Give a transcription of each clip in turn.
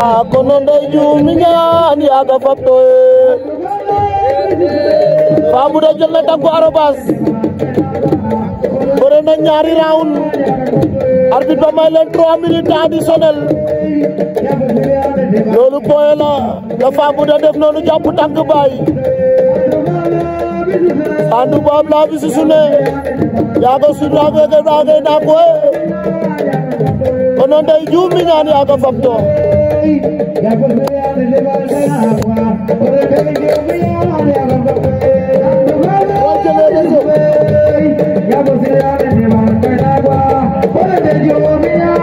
kono ndey juum mi ñaan yaaga fab tooye faabu da jot arobas bëre na ñaari round arbitre ba may leen trois minutes additionnel loolu pooye la la faabu da def noonu jàpp tànk baay sandu baab laa bi susune yaaga sun raagege raage naa koye kono ndey juum mi ñaan yaaga fab too يا گل دیار دلبال نا ہوا اور کہیں دیویاں يا رنگ بنے رن جو رن جو وي يا مزيان نيما کنا ہوا اور دجو ميا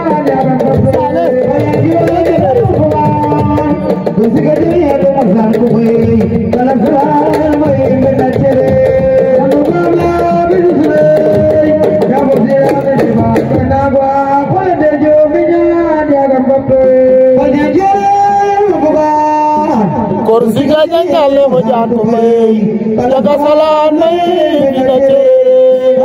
Korsiga jangale mo jaatumay jaga salaamay dina cee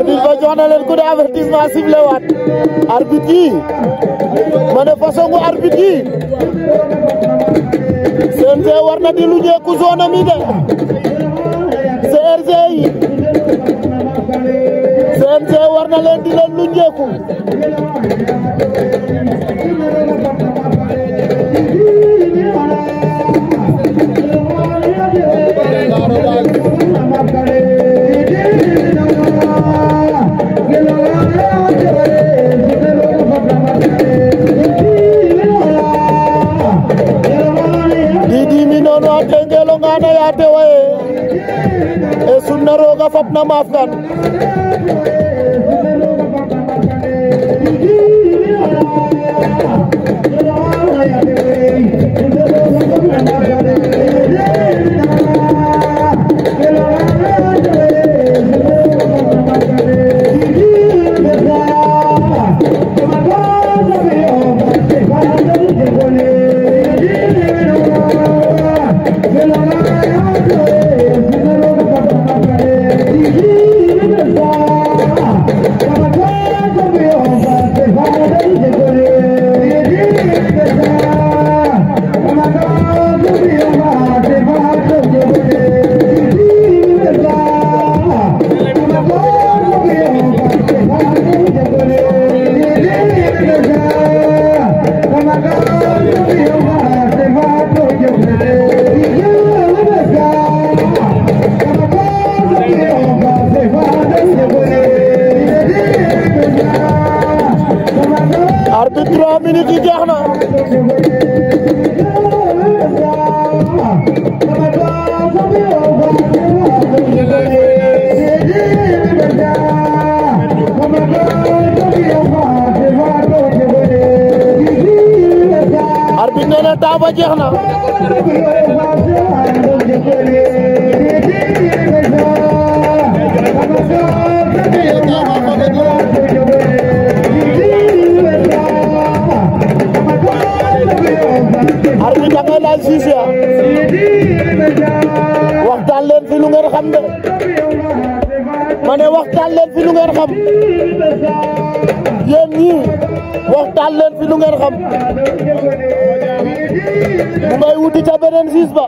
arbitre ba jox na leen coup d'avertissement sifflé waat arbitre yi ma ne façon arbitre yi CNG war na di lu ñeeku zone mi de CRG yi CNG war na leen di leen lu ñeeku ate yaate waye e sunna fapna maaf kan Thank you. bi nee na temps ba jeex na. arbitre da ngay laal siis ya waxtaan yéen ñii waxtaan leen fi lu ngeen xam mu ngay wuti ca beneen siis ba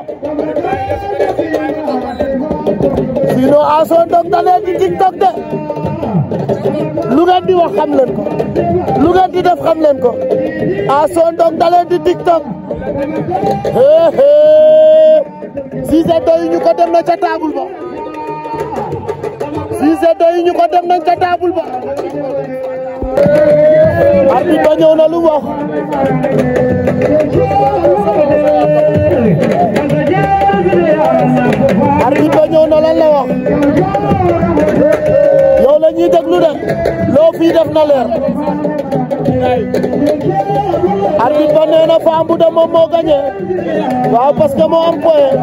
sinon Assou Ndong tane ci TikTok de lu ngeen di wax xam leen ko lu ngeen di def xam leen ko Assou Ndong tane ci TikTok hee hee Cissé doy ko dem na ca table ba Cissé doy ñu ko dem na ca table ba arbitre ba ñëw na lu wax arbitre ba ñëw na lan la wax yow la ñuy déglu de loo fii def na leer arbitre ba nee na Fane moo gagné waaw parce moo am point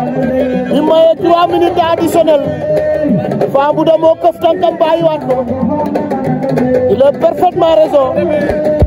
bi maye trois minutes additionnel Fane Bouda moo këf tànkam bàyyiwaat ko Il a parfaitement raison.